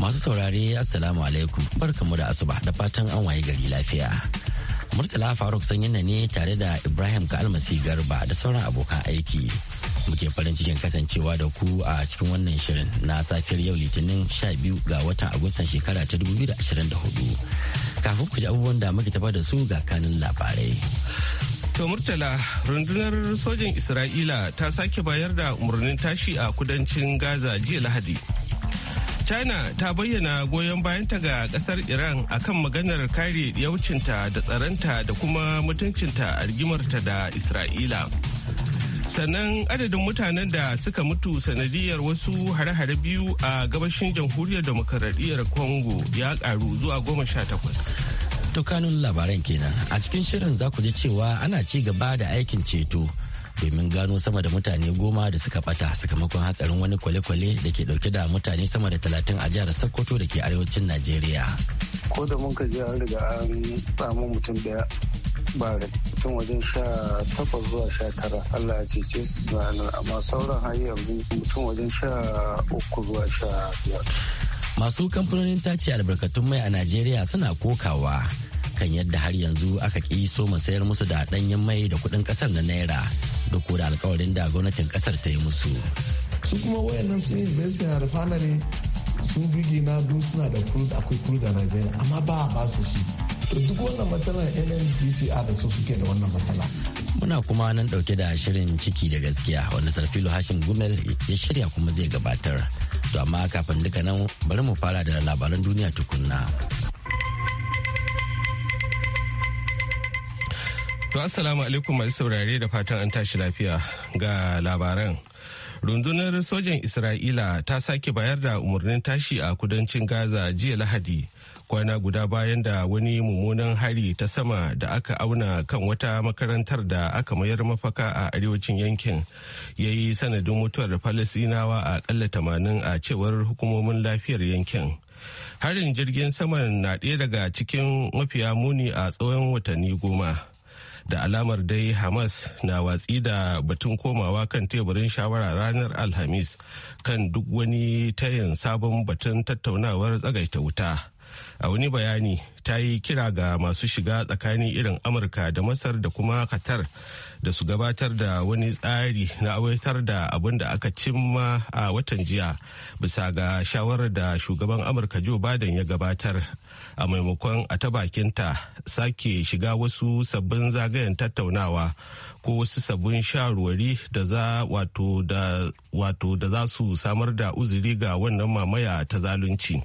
Masu saurare Assalamu alaikum barkamu da asuba da fatan an waye gari lafiya. Murtala Faruk sanyina ne tare da Ibrahim almasi Garba da sauran abokan aiki. Muke farin cikin kasancewa da ku a cikin wannan shirin na safiyar yau litinin 12 ga watan Agustan shekara ta 2024. Kafin ku ji abubuwan da muke tafa da su ga kanin labarai. To Murtala, rundunar sojin Isra'ila ta sake bayar da umarnin tashi a kudancin Gaza jiya Lahadi. china ta bayyana goyon bayanta ga kasar iran akan maganar kare yaucinta da tsaronta da kuma mutuncinta a rigimarta da isra'ila sannan adadin mutanen da suka mutu sanadiyar wasu hare-hare biyu a gabashin jamhuriyar demokaradiyyar congo ya karu zuwa goma sha takwas to kanun labaran kenan a cikin shirin za ku ji cewa ana ci gaba da aikin ceto domin gano sama da mutane goma da suka bata sakamakon hatsarin wani kwale-kwale da ke dauke da mutane sama da talatin a jihar sokoto da ke arewacin najeriya ko da mun ka je an riga an samu mutum daya ba mutum wajen sha takwas zuwa sha tara Allah ya ce su amma sauran har yanzu mutum wajen sha uku zuwa sha biyar. Masu kamfanonin tace albarkatun mai a Najeriya suna kokawa kan yadda har yanzu aka ki so sayar musu da danyen mai da kuɗin kasar na naira duk da alkawarin da gwamnatin kasar ta yi musu. su kuma wayannan su investment ne su bigi na duk suna da crude akwai crude a Najeriya amma ba a ba su shi to duk wannan matsalar nnpca da su suke da wannan matsala. Muna kuma nan dauke da shirin ciki da gaskiya wanda Sarfilo Hashim Gumel ya shirya kuma zai gabatar. To amma kafin duka nan bari mu fara da labaran duniya tukunna. To assalamu alaikum masu saurare da fatan an tashi lafiya ga labaran. Rundunar sojan Isra'ila ta sake bayar da umarnin tashi a kudancin Gaza jiya Lahadi kwana guda bayan da wani mummunan hari ta sama da aka auna kan wata makarantar da aka mayar mafaka a arewacin yankin ya yi sanadin mutuwar Falasinawa a kalla tamanin a cewar hukumomin lafiyar yankin. Harin jirgin saman na ɗaya daga cikin mafiya muni a tsawon watanni goma. da alamar dai hamas na watsi da batun komawa kan teburin shawara ranar alhamis kan duk wani tayin sabon batun tattaunawar tsagaita wuta a wani bayani ta yi kira ga masu shiga tsakanin irin amurka da masar da kuma qatar da su gabatar da wani tsari na awaitar da abin da aka cimma a watan jiya bisa ga shawarar da shugaban amurka joe biden ya gabatar a maimakon a ta bakinta sake shiga wasu sabbin zagayen tattaunawa ko wasu sabbin sharuwari da za wato da za su samar da uzuri ga wannan mamaya ta zalunci.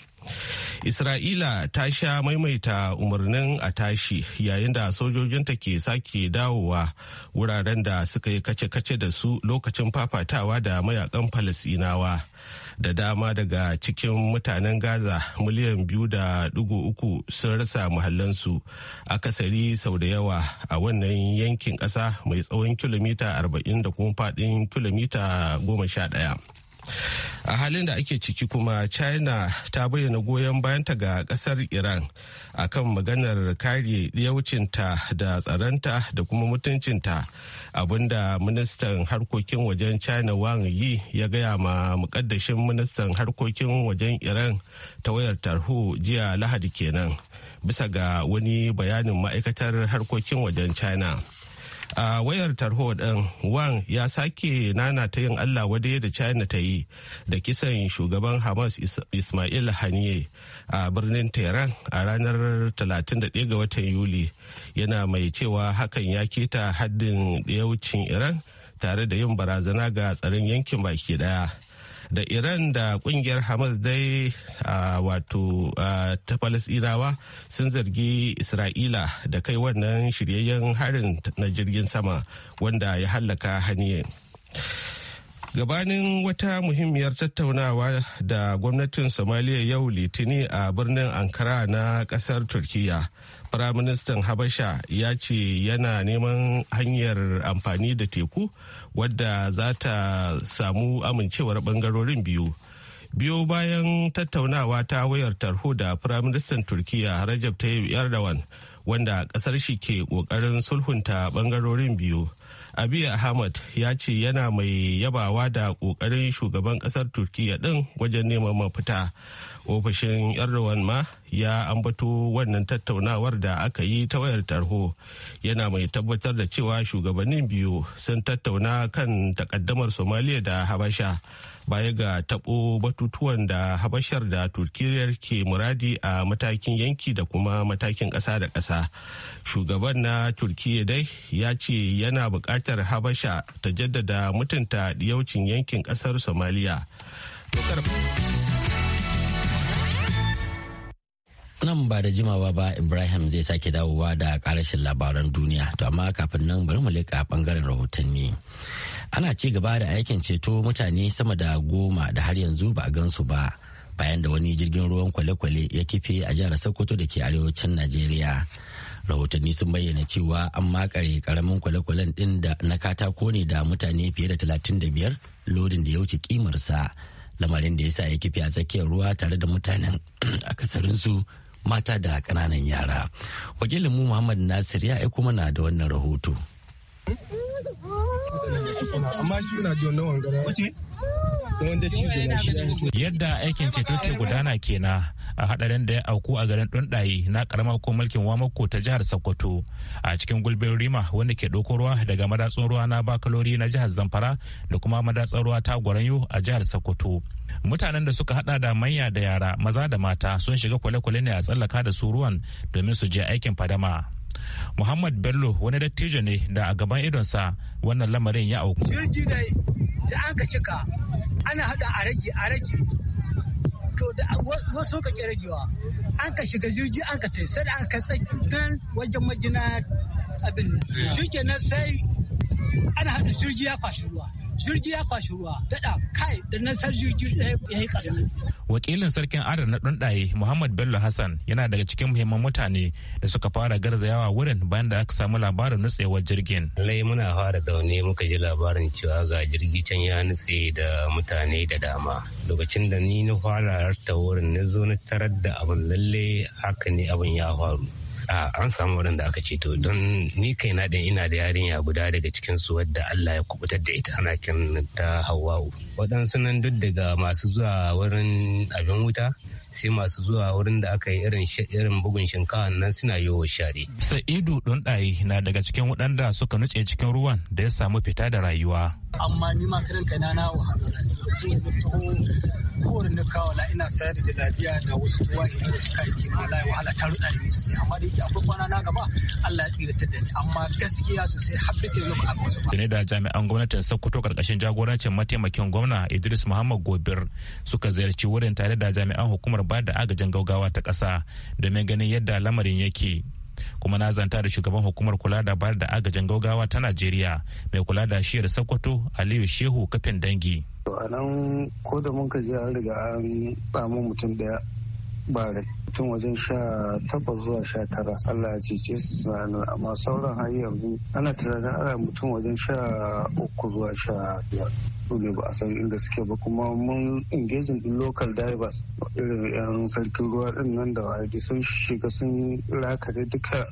Isra'ila ta sha maimaita umarnin a tashi yayin da sojojinta ke sake dawowa wuraren da suka yi kace-kace da su lokacin fafatawa da mayakan Falasinawa. Da dama daga cikin mutanen Gaza miliyan biyu da dugu uku sun rasa muhallansu akasari sau da yawa a wannan yankin kasa mai tsawon kilomita arba'in da kuma faɗin kilomita goma sha ɗaya. a halin da ake ciki kuma china ta bayyana goyon bayanta ga kasar iran a kan maganar kare yaucinta da tsaronta da kuma mutuncinta abinda ministan harkokin wajen china wang yi ya gaya ma mukaddashin ministan harkokin wajen iran ta wayar tarho jiya lahadi kenan bisa ga wani bayanin ma'aikatar harkokin wajen china a wayar tarho din wang ya sake nana ta yin allah wadai da china ta yi da kisan shugaban hamas ismail haniye a birnin tehran a ranar 31 ga watan yuli yana mai cewa hakan ya keta haddin yawucin iran tare da yin barazana ga tsaron yankin baki daya da iran da kungiyar hamas dai wato ta falasirawa sun zargi isra'ila da kai wannan shiryayyen harin na jirgin sama wanda ya hallaka hanyar. gabanin wata muhimmiyar tattaunawa da gwamnatin somaliya yau litini a birnin ankara na kasar turkiya firaministan habasha ya ce yana neman hanyar amfani da teku wadda za ta samu amincewar bangarorin biyu biyo bayan tattaunawa ta wayar tarho da firaministan turkiya rajab tayyip erdogan wanda kasar shi ke kokarin sulhunta bangarorin biyu abiy ahmad ya ce yana mai yabawa da ƙoƙarin shugaban ƙasar turkiyya ɗin wajen neman mafita ofishin erdogan ma ya ambato wannan tattaunawar da aka yi ta wayar tarho yana mai tabbatar da cewa shugabannin biyu sun tattauna kan takaddamar somaliya da habasha baya ga tabo batutuwan da habashar da turkiyar ke muradi a matakin yanki da kuma matakin ƙasa da ƙasa shugaban na turkiyya dai ya ce yana buƙatar habasha ta jaddada mutunta diyaucin yankin ƙasar somaliya nan ba da jimawa ba ibrahim zai sake dawowa da karashin labaran duniya to amma kafin nan bari mu leƙa bangaren rahotanni ana ci gaba da aikin ceto mutane sama da goma da har yanzu ba a su ba bayan da wani jirgin ruwan kwale-kwale ya kife a jihar sokoto da ke arewacin najeriya rahotanni sun bayyana cewa an makare karamin kwale-kwalen din da na katako ne da mutane fiye da talatin da biyar lodin da ya wuce kimarsa lamarin da ya sa ya kife a tsakiyar ruwa tare da mutanen a akasarinsu mata da ƙananan yara wakilinmu mu muhammad nasir ya aiko mana da wannan rahoto amma shi na yadda aikin ceto ke gudana kenan a hadarin da ya auku a garin Dundaye na karamar hukumar mulkin Wamako ta jihar Sokoto a cikin gulbin Rima wanda ke doko ruwa daga madatsun ruwa na Bakalori na jihar Zamfara da kuma madatsun ruwa ta Gwaranyo a jihar Sokoto. Mutanen da suka hada da manya da yara maza da mata sun shiga kwale-kwale ne a tsallaka da su ruwan domin su je aikin fadama. Muhammad Bello wani dattijo ne da a gaban idonsa wannan lamarin ya auku. Jirgi da da an ka cika ana hada a rage a rage to da wasu ka ragewa an ka shiga jirgi an ka tai sai an ka tsaki tun wajen majina abin nan. Shikenan sai ana hada jirgi ya kwashi ruwa. jirgi ya kwashi ruwa daɗa kai da nan jirgi ya yi ƙasa. wakilin sarkin adar na ɗanɗaye muhammad bello hassan yana daga cikin muhimman mutane da suka fara garzayawa wurin bayan da aka samu labarin nutsewar jirgin. lai muna fara zaune muka ji labarin cewa ga jirgi can ya nutse da mutane da dama lokacin da ni na fara ta wurin na zo na tarar da abin lalle haka ne abin ya faru. a an samu wurin da aka ceto don ni kai na ɗin ina da yarinya guda daga cikin su wadda Allah ya kubutar da ita ana ta hawawu waɗansu nan duk daga masu zuwa wurin abin wuta sai masu zuwa wurin da aka yi irin irin bugun shinkawa nan suna yi wa share. Sa'idu Dundayi na daga cikin waɗanda suka nutse cikin ruwan da ya samu fita da rayuwa. Amma ni ma kiran na kowane kawala kawo ina sayar da lafiya da wasu tuwa ina wasu kima ala la wahala ta rutsa ni sosai amma da yake akwai kwana na gaba Allah ya tsira ta da amma gaskiya sosai har sai lokacin ba a wasu ba. da jami'an gwamnatin Sokoto karkashin jagorancin mataimakin gwamna Idris Muhammad Gobir suka ziyarci wurin tare da jami'an hukumar bada agajin gaugawa ta ƙasa domin ganin yadda lamarin yake. kuma na zanta da shugaban hukumar kula da bayar da agajin gaugawa ta najeriya mai kula da shiyar sokoto aliyu shehu kafin dangi to anan ko da mun ka je an riga an samu mutum daya ba rai tun wajen sha takwas zuwa sha tara Allah ya cece su tunanin amma sauran har yanzu ana tunanin ana mutum wajen sha uku zuwa sha biyar dole ba a san inda suke ba kuma mun engaging din local divers irin yan sarkin ruwa din nan da wadi sun shiga sun lakare duka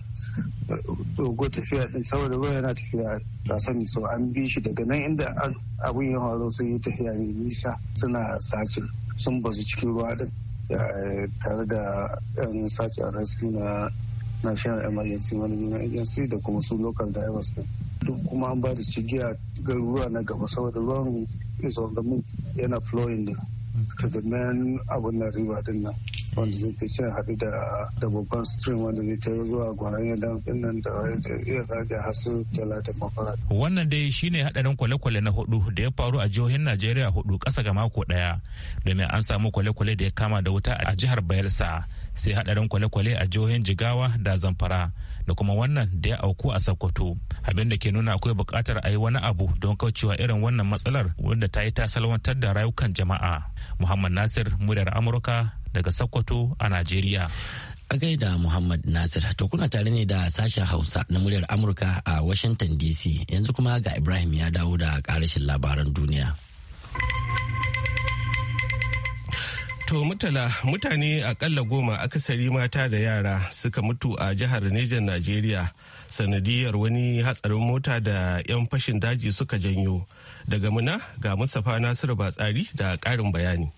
dogo tafiya din saboda ruwa yana tafiya da sani so an bi shi daga nan inda abun ya horo sun yi tafiya mai nisa suna sace sun basu cikin ruwa din Eh, tare da yan sace rasu na national emergency management agency da kuma su local divers din duk kuma an ba da cigiya garuruwa na gaba saboda ruwan is on the move yana flowing din sediment abin nan riba din nan wanda zai ta cin haɗu da babban stream wanda zai ta zuwa gwanan yadda din nan da iya zage hasu talatin mafara. wannan dai shine haɗarin kwale-kwale na hudu da ya faru a jihohin najeriya hudu ƙasa ga mako ɗaya domin an samu kwale-kwale da ya kama da wuta a jihar bayelsa sai hadarin kwale-kwale a jihohin jigawa da zamfara da kuma wannan da ya auku a sokoto abin da ke nuna akwai bukatar a yi wani abu don kaucewa irin wannan matsalar wanda ta yi ta salwantar da rayukan jama'a muhammad nasir muryar amurka daga sokoto a najeriya a gaida Muhammad Nasir to kuna tare ne da sashen Hausa na muryar Amurka a Washington DC yanzu kuma ga Ibrahim ya dawo da karashin labaran duniya. To mutala mutane akalla goma akasari mata da yara suka mutu a jihar Nejan Najeriya sanadiyar wani hatsarin mota da 'yan fashin daji suka janyo. Daga muna ga Mustapha Nasiru Batsari da ƙarin bayani.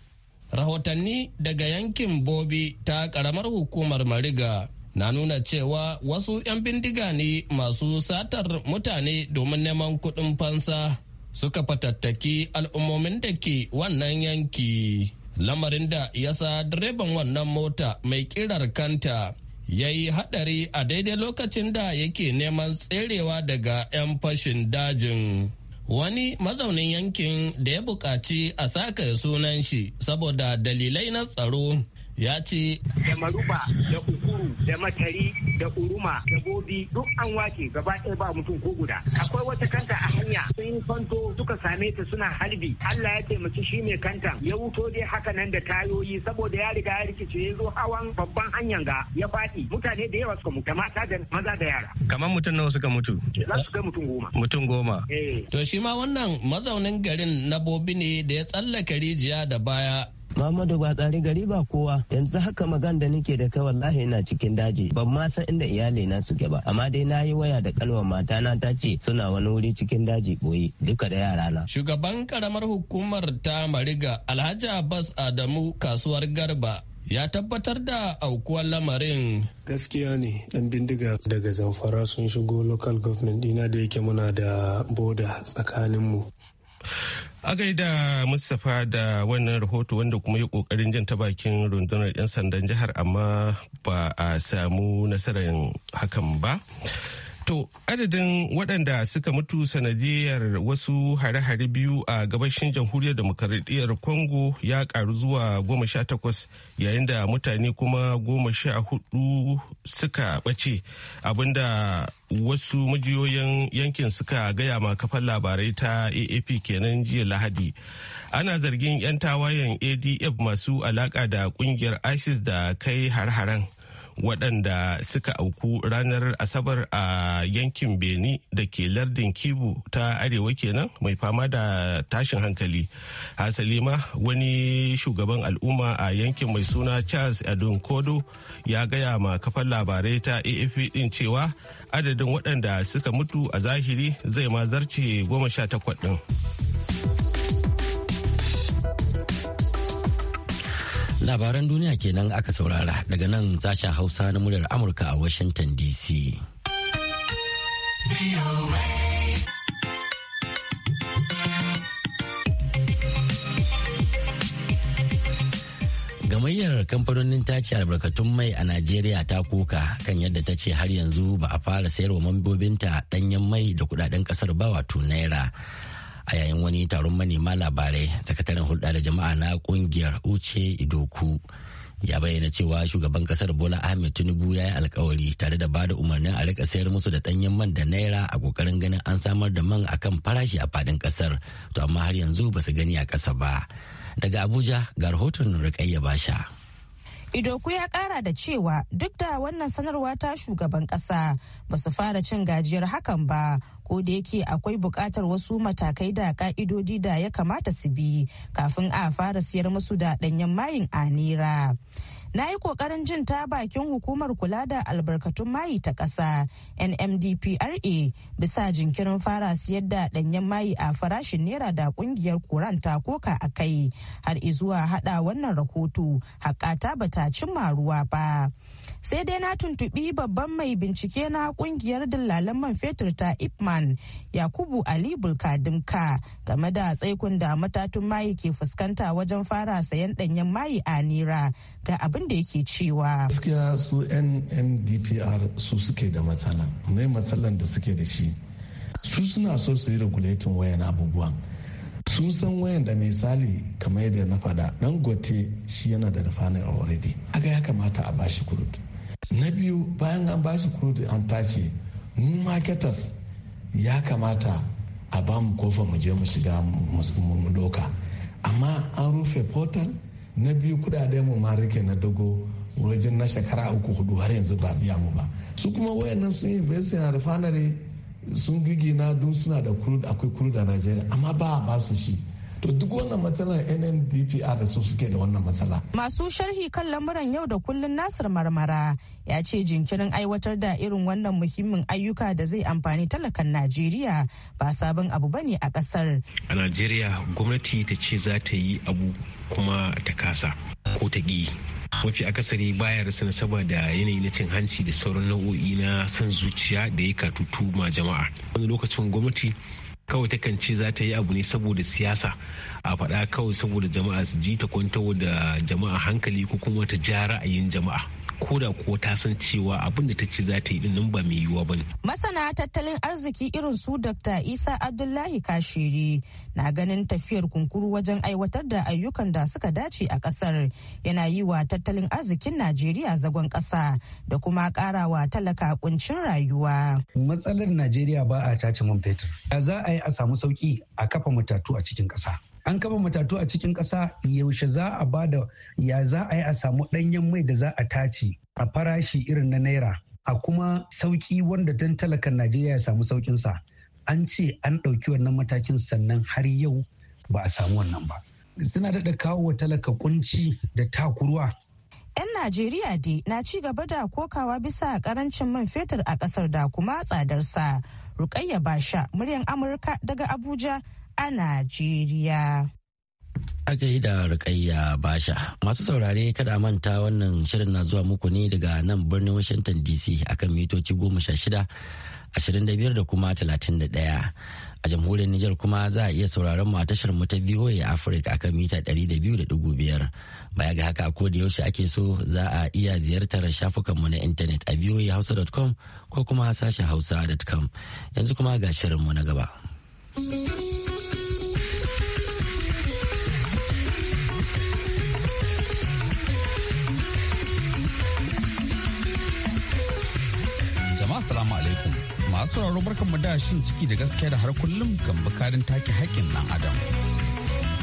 Rahotanni daga yankin Bobi ta ƙaramar hukumar Mariga na nuna cewa wasu 'yan bindiga ne masu satar mutane domin neman kuɗin fansa suka fatattaki al'ummomin da ke wannan yanki. lamarin da ya sa direban wannan mota mai kirar kanta ya yi haɗari a daidai lokacin da yake neman tserewa daga 'yan fashin dajin. Wani mazaunin yankin da ya buƙaci a saka sunan shi saboda dalilai na tsaro ya ce. ya da matari da uruma da bobi duk an wake gaba ɗaya ba mutum ko guda akwai wata kanta a hanya sun fanto suka same ta suna harbi Allah ya taimaki shi mai kanta ya wuto dai haka nan da tayoyi saboda ya riga ya rikice ya zo hawan babban hanyar ga ya faɗi mutane da yawa suka mutu mata da maza da yara kamar mutum nawa suka mutu za su kai mutum goma mutum goma eh. to shi ma wannan mazaunin garin na bobi ne da ya tsallaka rijiya da baya Muhammadu ba tsari gari ba kowa yanzu haka magan da nake da kai wallahi ina cikin daji ban ma san inda iyali na suke ba amma dai na yi waya da kalwa mata na ta ce suna wani wuri cikin daji boye duka da yara na. Shugaban karamar hukumar ta Mariga Alhaji Abbas Adamu kasuwar Garba ya tabbatar da aukuwar lamarin. Gaskiya ne yan bindiga daga zamfara sun shigo local government dina da yake muna da boda tsakaninmu. A da Mustapha da wannan rahoto wanda kuma yi kokarin jin ta bakin rundunar 'yan sandan jihar amma ba a samu nasarar hakan ba. To, adadin waɗanda suka mutu sanadiyar wasu hare-hare biyu a gabashin jamhuriyar demokaradiyyar Kongo ya ƙaru zuwa goma sha takwas yayin da mutane kuma goma sha hudu suka ɓace abinda wasu majiyoyin yankin suka gaya ma kafar labarai ta AAP kenan jiya Lahadi. Ana zargin 'yan tawayen ADF masu alaƙa da ƙungiyar ISIS da kai har-haren. waɗanda suka auku ranar asabar a yankin beni da ke lardin kibu ta arewa kenan mai fama da tashin hankali hasali ma wani shugaban al'umma a yankin mai suna charles adun kodo ya gaya ma kafar labarai ta afp din cewa adadin waɗanda suka mutu a zahiri zai ma zarce goma sha takwas ɗin. Labaran duniya kenan aka saurara daga nan sashen Hausa na muryar Amurka a Washington DC. Gamayyar kamfanonin tace albarkatun mai a Najeriya ta kuka kan yadda ta ce har yanzu ba a fara sayarwa mambobinta danyen mai da kudaden kasar ba wato naira. a yayin wani taron manema labarai sakataren hulɗa da jama'a na kungiyar uche idoku ya bayyana cewa shugaban kasar bola ahmed tinubu ya yi alkawari tare da bada umarnin a rika sayar musu da danyen man da naira a kokarin ganin an samar da man a kan farashi a fadin kasar to amma har yanzu ba su gani a ƙasa ba daga abuja ga rahoton rikayya basha Idoku ya kara da cewa duk da wannan sanarwa ta shugaban kasa ba su fara cin gajiyar hakan ba ko da yake akwai buƙatar wasu matakai da ka'idodi da ya kamata su bi kafin a fara siyar musu da ɗanyen mayin a nera. na yi kokarin jin ta bakin hukumar kula da albarkatun mayi ta ƙasa nmdpra bisa jinkirin fara siyar da ɗanyen mayi a farashin naira da ƙungiyar koran ta koka a kai har izuwa haɗa wannan rahoto haƙata bata cimma ruwa ba sai dai na tuntubi babban mai bincike na ƙungiyar dillalan man fetur ta ipma Oman Yakubu Ali Bulkadimka game da tsaikun da matatun mayi ke fuskanta wajen fara sayan danyen mayi a Nira ga abin da yake cewa. Gaskiya su NNDPR su suke da matsala, mai matsalan da suke da shi. Su suna so su yi regulatin wayan abubuwan. sun san wayan da misali kamar yadda na faɗa nan gote shi yana da refinery already aga ya kamata a bashi crude na biyu bayan an bashi crude an tace mu marketers ya kamata a ba mu kofa mu je mu shiga mu doka amma an rufe portal na biyu kudaden mu ma rike na dogo wajen na shekara uku hudu har yanzu ba biya mu ba su kuma wayannan sun yi investing a refinery sun gigi na dun suna da akwai kulu a Najeriya amma ba a basu shi to duk wannan matsalar nndpr su suke da wannan matsala masu sharhi kan lamuran yau da kullun nasir marmara ya ce jinkirin aiwatar da irin wannan muhimmin ayyuka da zai amfani talakan najeriya ba sabon abu bane a kasar a najeriya gwamnati ta ce za ta yi abu kuma ta kasa ko ta ƙi mafi akasari baya rasa nasaba da yanayi na cin hanci da sauran nau'o'i na son zuciya da ya katutu ma jama'a wani lokacin gwamnati kawai takan ce za ta yi abu ne saboda siyasa a faɗa kawai saboda jama'a su ji ta kwantar da jama'a hankali ko kuma ta ja ra'ayin jama'a Koda da ko ta san cewa abin da ta ce za ta yi din ba mai yiwuwa bane Masana tattalin arziki irin su Dr. Isa Abdullahi Kashiri na ganin tafiyar kunkuru wajen aiwatar da ayyukan da suka dace a kasar yana yi wa tattalin arzikin Najeriya zagon ƙasa da kuma ƙarawa talaka kuncin rayuwa. Matsalar Najeriya ba a tace man fetur. Ya za a yi a samu sauki a kafa matatu a cikin ƙasa. an kama matatu a cikin ƙasa yaushe za a ba da ya za a yi a samu ɗanyen mai da za a tace a farashi irin na naira a kuma sauƙi wanda don talakan najeriya ya samu sauƙinsa an ce an ɗauki wannan matakin sannan har yau ba a samu wannan ba suna daɗa kawo wa talaka kunci da takurwa 'Yan Najeriya dai na ci gaba da kokawa bisa karancin man fetur a kasar da kuma tsadarsa. Rukayya Basha, muryan Amurka daga Abuja a Najeriya. A da Rukayya Basha. Masu saurare kada manta wannan shirin na zuwa muku ne daga nan birnin Washington DC akan mitoci goma sha ashirin da biyar da kuma talatin da ɗaya. A jamhuriyar Nijar kuma za a iya sauraron mu a tashar mu ta VOA Africa akan mita ɗari da biyu da ɗigo biyar. Baya ga haka ko da yaushe ake so za a iya ziyartar shafukanmu na intanet a voahausa.com ko kuma sashen hausa.com. Yanzu kuma ga shirinmu na gaba. Assalamu alaikum. Masu sauraro mu da shin ciki da gaskiya da har kullum kan bukarin take haƙƙin ɗan adam.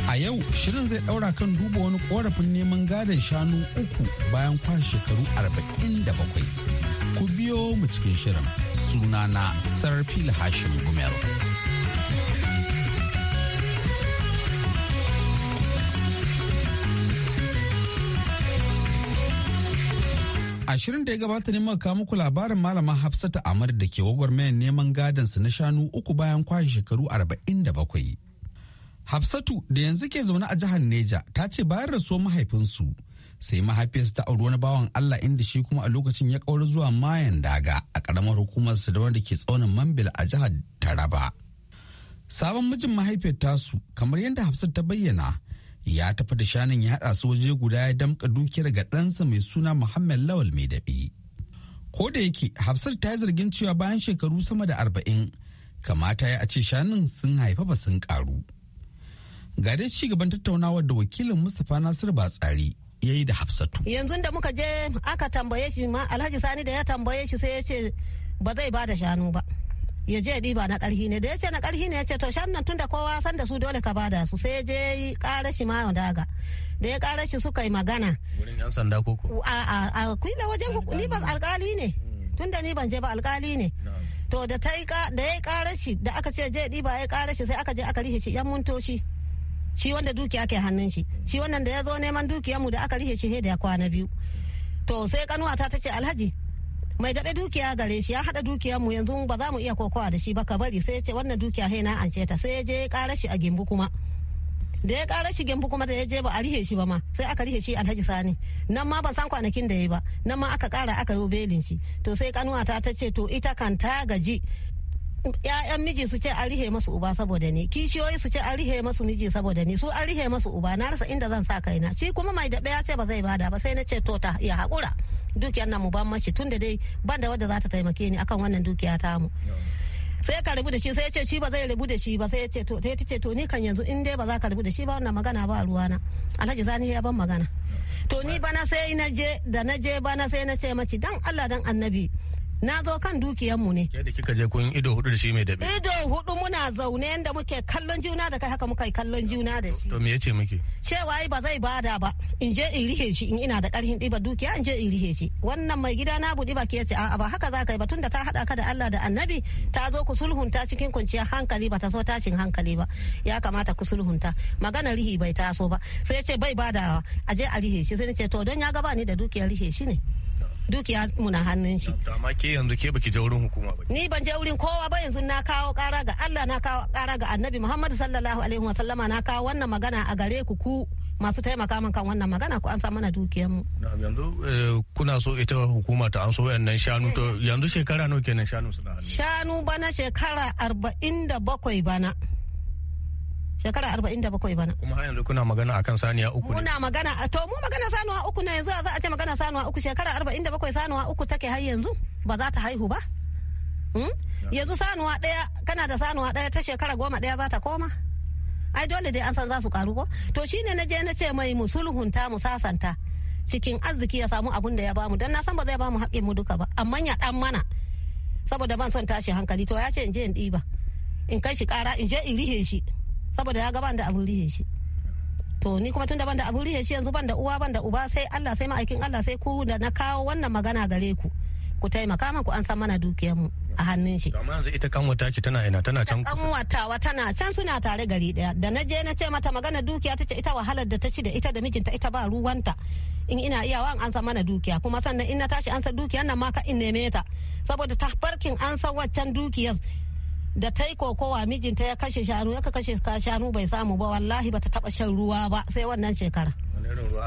A yau shirin zai ɗaura kan duba wani ƙorafin neman gadon shanu uku bayan kwashe shekaru arba'in da bakwai. Ku biyo mu cikin shirin sunana Sarfil Hashim Gumel. A shirin da ya gabata ne muka muku labarin malama Hafsatu Amar da ke gwagwarmayar neman gadansu na shanu uku bayan kwashe shekaru 47. Hafsatu da yanzu ke zaune a jihar Neja ta ce bayan rasuwar mahaifinsu sai mahaifinsu ta auri wani bawan Allah inda shi kuma a lokacin ya kaura zuwa mayan daga a karamar hukumar su da wanda ke tsaunin Mambil a jihar Taraba. Sabon mijin mahaifiyar tasu kamar yadda hafsatu ta bayyana ya tafi da shanun ya haɗa su waje guda ya damka dukiyar ga ɗansa mai suna Muhammad Lawal mai daɓi. Ko da yake Hafsat ta yi zargin cewa bayan shekaru sama da arba'in kamata ya a ce shanun sun haifa ba sun karu. Ga dai ci gaban tattaunawar da wakilin Mustapha Nasir ba tsari yayi da Hafsatu. Yanzu da muka je aka tambaye shi ma Alhaji Sani da ya tambaye shi sai ya ce ba zai ba shanu ba. ya je ɗiba na ƙarhi ne da ya ce na ƙarhi ne ya ce to shan nan tunda kowa san da su dole ka bada su sai je yi ƙara shi ma daga da ya ƙara shi suka yi magana wurin yan sanda koko a a a kila wajen ni ban alƙali ne mm. tunda ni ban je ba alƙali ne to da ta yi da ya ƙara shi da aka ce je ɗiba ya ƙara shi sai aka je aka rihe shi yan muntoshi shi wanda dukiya ke hannun shi mm. shi wannan da ya zo neman dukiyarmu da aka rihe shi da ya kwana biyu to sai kanuwa ta ta ce alhaji mai daɗe dukiya gare shi ya haɗa dukiyar mu yanzu ba za mu iya kokowa da shi ba ka bari sai ya ce wannan dukiya sai na ance ta sai ya je ya ƙara shi a gimbu kuma da ya ƙara shi gimbu kuma da ya je ba a rihe shi ba ma sai aka rihe shi alhaji sani nan ma ban san kwanakin da ya ba nan ma aka ƙara aka yi belin shi to sai kanuwa ta ce to ita kan ta gaji ‘ya'yan miji su ce an rihe masu uba saboda ni kishiyoyi su ce an rihe masu miji saboda ni su an rihe masu uba na rasa inda zan sa kaina shi kuma mai daɓe ya ce ba zai bada ba sai na ce to ta ya haƙura dukiyar nan mu ban mashi da dai ban da wadda za ta taimake ni akan wannan dukiya ta mu sai ka rubu da shi sai ya ce shi ba zai rubu da shi ba sai ya ce to sai ce to ni kan yanzu in dai ba za ka rubu da shi ba wannan magana ba ruwana alhaji zani ya ban magana to ni bana sai na je da na je bana sai na ce mace dan Allah dan annabi na zo kan mu ne. Yadda kika je kun ido hudu da shi mai dabe. Ido hudu muna zaune yadda muke kallon juna da kai haka muka kallon juna da shi. To me yace miki? Cewa ba zai bada ba in je in rihe shi in ina da karhin ɗiba dukiya in je in rihe shi. Wannan mai gida na buɗi ba ke ce a'a ba haka za ka yi ba tunda ta haɗa ka da Allah da annabi ta zo ku sulhunta cikin kwanciyar hankali ba ta so tashin hankali ba ya kamata ku sulhunta magana rihi bai taso ba sai ya ce bai badawa a je a rihe shi sai ce to don ya gaba ni da dukiyar rihe shi ne. dukiya mu na hannun shi amma ke yanzu ke baki jaurin hukuma ba ni ban je wurin kowa ba yanzu na kawo kara ga Allah na kawo kara ga Annabi Muhammad sallallahu alaihi wa sallama na kawo wannan magana a gare ku ku masu taimaka min kan wannan magana ku an sa mana dukiyarmu. yanzu eh, kuna so ita hukuma ta an so wayannan shanu to eh. yanzu shekara nawa kenan shanu suna hannu. shanu bana shekara arba'in da bakwai bana. shekara arba'in da bakwai bana. Kuma har yanzu kuna magana akan saniya uku ne. Muna magana to mu magana sanuwa uku ne yanzu za a ce magana sanuwa uku shekara arba'in da bakwai sanuwa uku take har yanzu ba za ta haihu ba. Hmm? Yanzu sanuwa ɗaya kana da sanuwa ɗaya ta shekara goma ɗaya za ta koma. Ai dole dai an san za su karu ko. To shine na je na ce mai mu sulhunta mu sasanta. cikin arziki ya samu abun da ya bamu don na san ba zai bamu haƙƙin mu duka ba amma ya dan mana saboda ban son tashi hankali to ya ce in je in ɗiba in kai shi ƙara in je in rihe shi saboda ya gaban da abin rihe shi to ni kuma tun da ban da abin rihe shi yanzu ban da uwa ban da uba sai Allah sai ma'aikin Allah sai ku da na kawo wannan magana gare ku ku taimaka min ku an san mana dukiyar mu a hannun shi amma yanzu ita kanwata ki tana ina tana can kanwatawa tana can suna tare gari daya da na je na ce mata magana dukiya tace ita wahalar da ta ci da ita da mijinta ita ba ruwanta in ina iyawa an san mana dukiya kuma sannan in na tashi an san dukiyar nan ma ka in neme ta saboda ta farkin an san waccan dukiyar da ta yi kokowa mijinta ya kashe shanu ya kashe shanu bai samu ba wallahi ta taba shan ruwa ba sai wannan shekara ruwa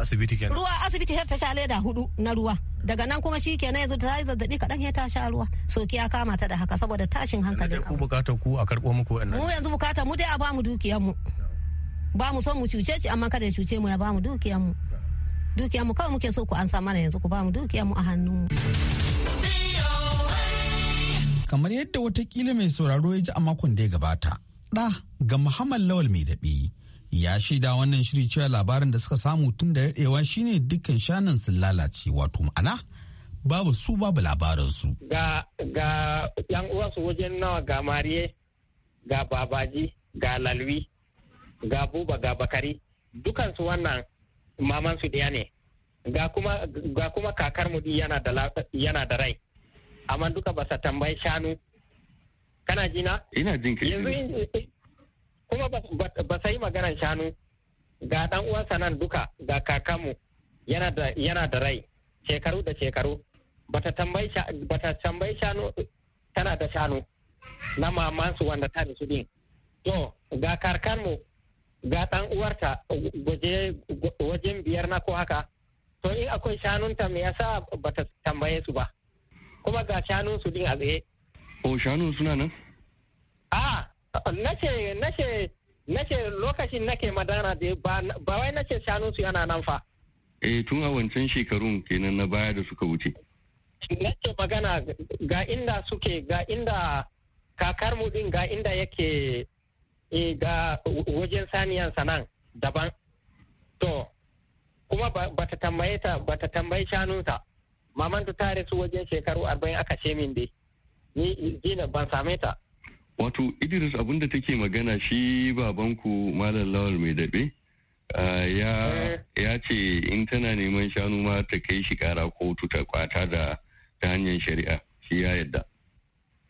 asibiti har ta sha leda hudu na ruwa daga nan kuma shi kenan yanzu ta yi zazzabi kaɗan ya ta sha ruwa soki ya kama ta da haka saboda tashin hankalin ku bukata ku a karɓo muku wannan mu yanzu bukata mu dai a bamu dukiyar mu ba mu so mu cuce ci amma kada ya cuce mu ya bamu dukiyar mu dukiyar mu kawai muke so ku an sa mana yanzu ku bamu dukiyar mu a hannu. kamar yadda watakila mai sauraro ya ji a makon da ya gabata ɗa ga muhammad lawal mai daɓe ya shaida wannan shiri cewa labarin da suka samu tun da daɗewa shine dukkan shanan sun lalace wato ma'ana babu su babu su. ga ga yan uwansu wajen nawa ga mariye ga babaji ga lalwi ga buba ga bakari dukansu wannan mamansu ɗaya ne ga kuma kakar mu yana da rai amma duka ba sa tambayi shanu kana jina ina jin kai yanzu eh, eh, kuma ba sa yi maganan shanu ga dan uwansa nan duka ga kakamu yana da yana da rai shekaru da shekaru bata tambayi bata tambayi shanu tana da shanu na mamansu wanda ta da su din to ga karkarmu ga ɗan uwarta wajen biyar na ko haka to in akwai shanunta me yasa bata tambaye su ba kuma ga shanun su din a tsaye o shanun suna nan a nace nace nace lokacin nake madana da ba wai nace shanun su yana nan fa eh tun a wancan shekarun kenan na baya da suka wuce nace magana ga inda suke ga inda kakarmu din ga inda yake eh, ga wajen saniyan sanan daban to kuma ba ta tambaye ta ba ta shanunsa maman ta tare su wajen shekaru arba'in aka ce min dai ni jina ban same ta wato idris abinda take magana shi babanku malam lawal mai daɓe ah, eh. ya ce in tana neman shanu ma ta kai shi kara kotu ta kwata da ta hanyar shari'a shi ya yadda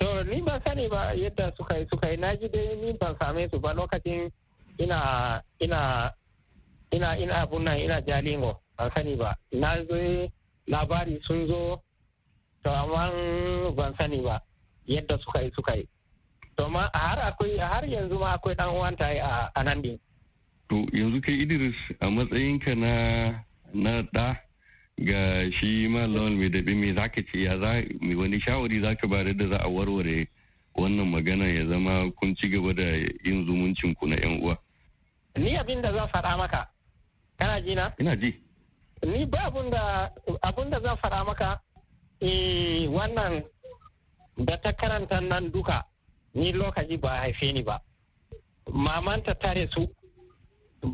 to ni ba sani ba yadda suka yi suka yi na ji dai ni ban same su ba lokacin ina ina ina ina abun nan ina jalingo ban sani ba na zo labari sun zo to amma ban sani ba yadda suka yi suka yi to ma har akwai har yanzu ma akwai dan uwan ta a nan din to yanzu kai Idris a matsayinka na na da ga shi malawan mai dabi me zaka ce ya za wani shawari zaka ba da za a warware wannan magana ya zama kun ci gaba da yin zumuncin ku na yan uwa ni abin da zan faɗa maka kana ji na ina ji ni ba abun da zan fara maka eh wannan da ta karanta nan duka ni lokaci ba haife ni ba mamanta tare su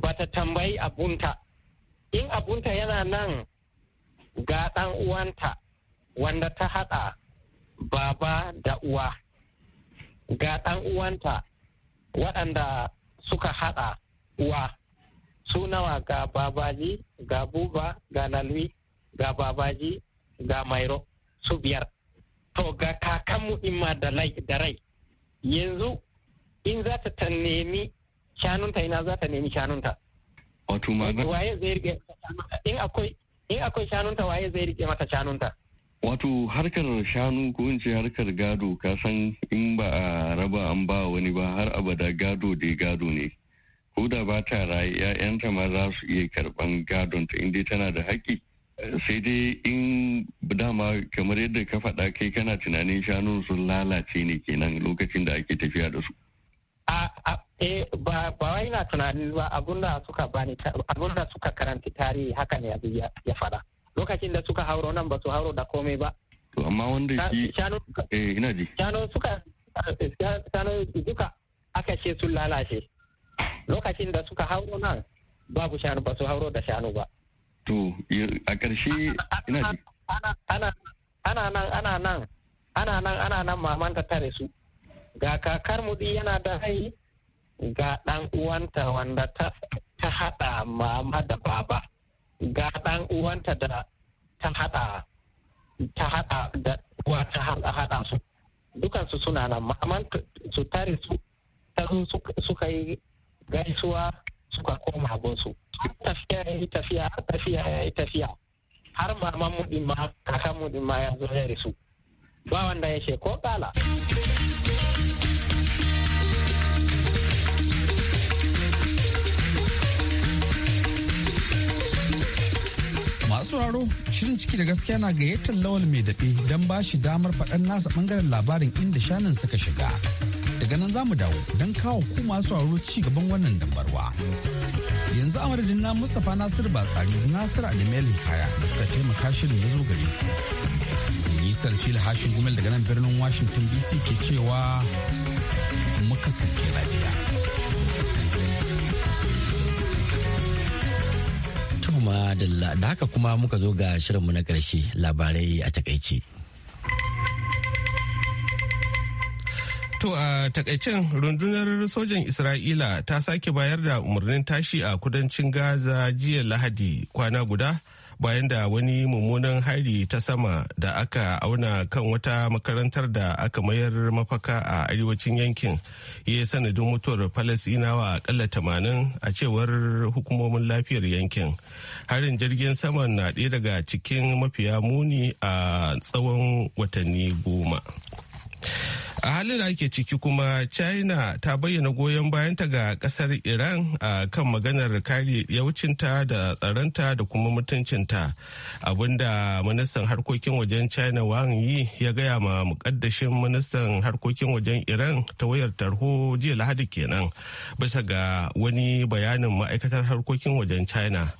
ba ta tambayi abunta in abunta yana nan ga dan uwanta wanda ta haɗa baba da uwa ga dan uwanta waɗanda suka haɗa uwa su nawa ga babaji ga buba ga nalwi ga babaji ga mairo su biyar to ga kakanmu in ma da rai yanzu in za ta ta nemi shanunta ina za ta nemi shanunta wato waye zai rike in akwai in akwai shanunta waye zai rike mata shanunta wato harkar shanu ko in ce harkar gado ka san in ba a raba an ba wani ba har abada gado da gado ne ko da ba ta raye 'ya'yanta ma za su iya karban gadon ta inda tana da haƙƙi sai dai in dama kamar yadda ka faɗa kai kana tunanin shanun sun lalace ne kenan lokacin da ake tafiya da su A a e ba ba wai na tunanin ba abunda suka bani abunda suka karanta tarihi haka ne abu ya fara lokacin da suka hauro nan ba su hauro da komai ba to amma wanda shi eh ina ji Shanu suka eh, shanu duka aka ce sun lalace lokacin da suka hauro nan babu shanu ba su hauro da shanu ba to a ƙarshe ina ji ana nan ana nan ana nan ana nan maman ta tare su ga kakar mudi yana da hai ga dan uwanta wanda ta ta hada mama da baba ga dan uwanta da ta hada ta hada da uwa ta hada su dukansu suna nan maman su tare su ta suka yi gaisuwa suka koma gunsu tafiya ya yi tafiya har tafiya ya yi tafiya har maman mu ma kakan mu ma ya zo ya risu ba wanda ya ce ko kala masu raro shirin ciki da gaskiya na gayyatar lawal mai daɗe don ba shi damar faɗan nasa ɓangaren labarin inda shanin suka shiga daga nan za mu dawo don kawo ku masu auro ci gaban wannan dambarwa. Yanzu a madadin na Mustapha Nasir Batsari Nasir Adamelin Kaya da suka taimaka shirin ya zo gari. ku. Nisar fil hashin gumel daga nan birnin Washington DC ke cewa muka kasance lafiya. Tuhuma da haka kuma muka zo ga shirinmu na ƙarshe labarai a takaici. To a takaicen rundunar sojan Isra'ila ta sake bayar da umarnin tashi a kudancin Gaza jiya Lahadi kwana guda bayan da wani mummunan hari ta sama da aka auna kan wata makarantar da aka mayar mafaka a arewacin yankin ya yi sanadin mutuwar falasinawa akalla tamanin a cewar hukumomin lafiyar yankin harin jirgin sama na ɗaya daga cikin mafiya muni a tsawon watanni goma a halin da ake ciki kuma china ta bayyana goyon bayanta ga kasar iran a kan maganar kare yaucinta da tsaronta da kuma mutuncinta abinda ministan harkokin wajen china wang yi ya gaya ma mukaddashin ministan harkokin wajen iran ta wayar tarho jiya lahadi kenan bisa ga wani bayanin ma'aikatar harkokin wajen china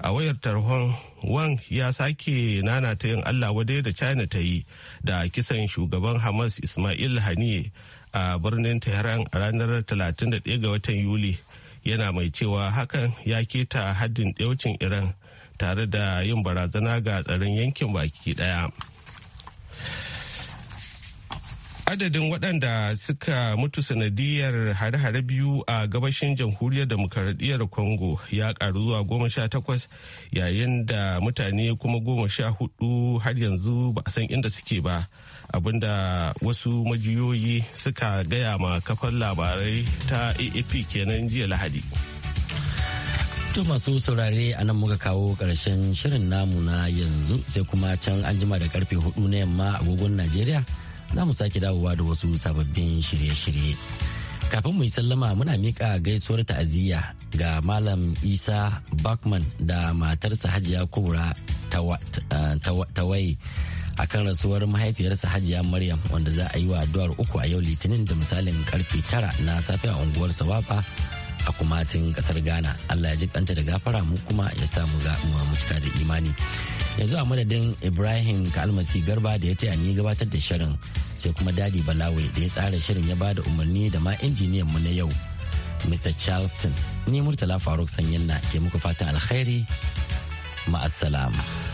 a wayar tarhon wang ya sake nana ta yin allah wadai da china ta yi da kisan shugaban hamas ismail haniye a birnin tehran a ranar 31 ga watan yuli yana mai cewa hakan ya keta haddin daucin iran tare da yin barazana ga tsaron yankin baki daya. adadin waɗanda suka mutu sanadiyar hare-hare biyu a gabashin jamhuriyar demokaradiyyar congo ya ƙaru zuwa goma sha takwas yayin da mutane kuma goma sha hudu har yanzu ba a san inda suke ba abinda wasu majiyoyi suka gaya ma kafar labarai ta aap kenan jiya lahadi To masu saurare a nan muka kawo karshen shirin namu na yanzu sai kuma can anjima da karfe hudu na yamma a agogon Najeriya za mu sake dawowa da wasu sababbin shirye-shirye. Kafin mu yi sallama muna miƙa gaisuwar ta'aziyya ga Malam Isa Bachman da matarsa Hajiya Kubra Tawai kan rasuwar mahaifiyarsa Hajiya Maryam wanda za a yi wa addu'ar uku a yau Litinin da misalin karfe tara na safiya a unguwar Sawafa a kumasin kasar ghana allah ya ji kanta da gafara mu kuma ya samu ga mu cika da imani yanzu a madadin ibrahim kalmasi garba da ya taya ni gabatar da shirin sai kuma dadi balawe da ya tsara shirin ya bada umarni da ma injiniyan mu na yau mr charleston ni murtala faruk sanyin na ke muku fatan alkhairi ma'asalama